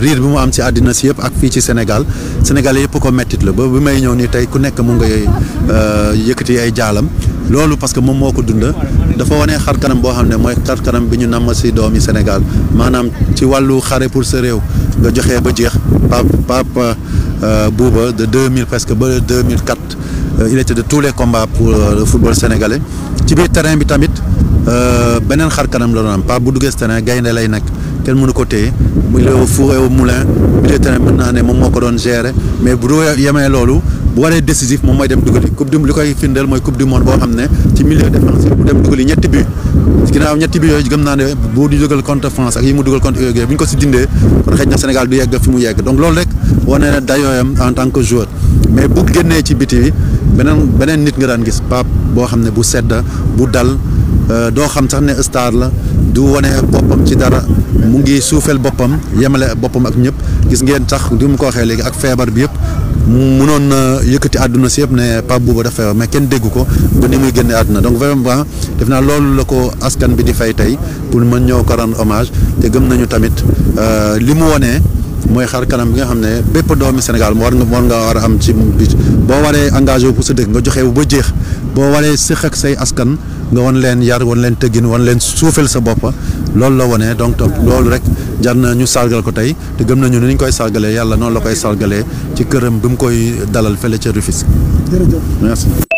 riir bi mu am ci àddina si yëpp ak fii ci Sénégal Sénégal yëpp ko mettit la ba bi may ñëw nii tey ku nekk mu ngay euh, yëkkati ay jaalam loolu parce que moom moo ko dund dafa wane xar kanam boo xam ne mooy xar kanam bi ñu namm si doomi Sénégal maanaam ci wàllu xare pour sa réew nga joxe ba jeex Pape Pape euh, Bouba de 2000 presque ba 2004 euh, il était de tous les combats pour le football sénégalais ci biir terrain bi tamit. Euh, benen xar kanam la doon pa bu duggee si terrain gaynde lay nak kenn mënu ko té muy lew fouré et au moulin bi té tane mëna né mom moko doon gérer mais bu do yamé lolu bu waré décisif mom moy dem dugali coupe du likoy koy moy coupe du monde bo xamné ci milieu défensif bu dem dugali ñetti but ginaaw ñetti bi yoy gëm na né bo ñu dugal contre France ak yi mu dugal contre Uruguay buñ ko ci dindé kon xëj na Sénégal du yegg fi mu yegg donc lolu rek wane na yam en tant que joueur mais bu génné ci biti bi benen nit nga daan gis pap bo xamné bu sedd bu dal Euh, doo xam sax ne star la du wane boppam ci dara mu ngi suufeel boppam yemale boppam ak ñëpp gis ngeen sax li mu ko waxee léegi ak feebar bi yëpp mu munoon na yëkkati àdduna si yëpp ne Pape Bouba dafa feebar mais kenn déggu ko ba ni muy génne àdduna donc vraiment def naa loolu la ko askan bi di fay tey pour mën ñëw ko rendre te gëm nañu tamit euh, li mu wone mooy xar kanam bi nga xam ne bépp doomi Sénégal war nga war nga war a am ci boo waree engagé wu pour sa dëkk nga joxe bu ba jeex boo waree sëq ak say askan nga wan leen yar wan leen tëggin wan leen suufel sa bopp loolu la wane donc loolu rek jar na ñu sargal ko tey te gëm nañu ni ñu koy sargalee yàlla noonu la koy sargalee ci këram bi mu koy dalal fële ca Rufisque.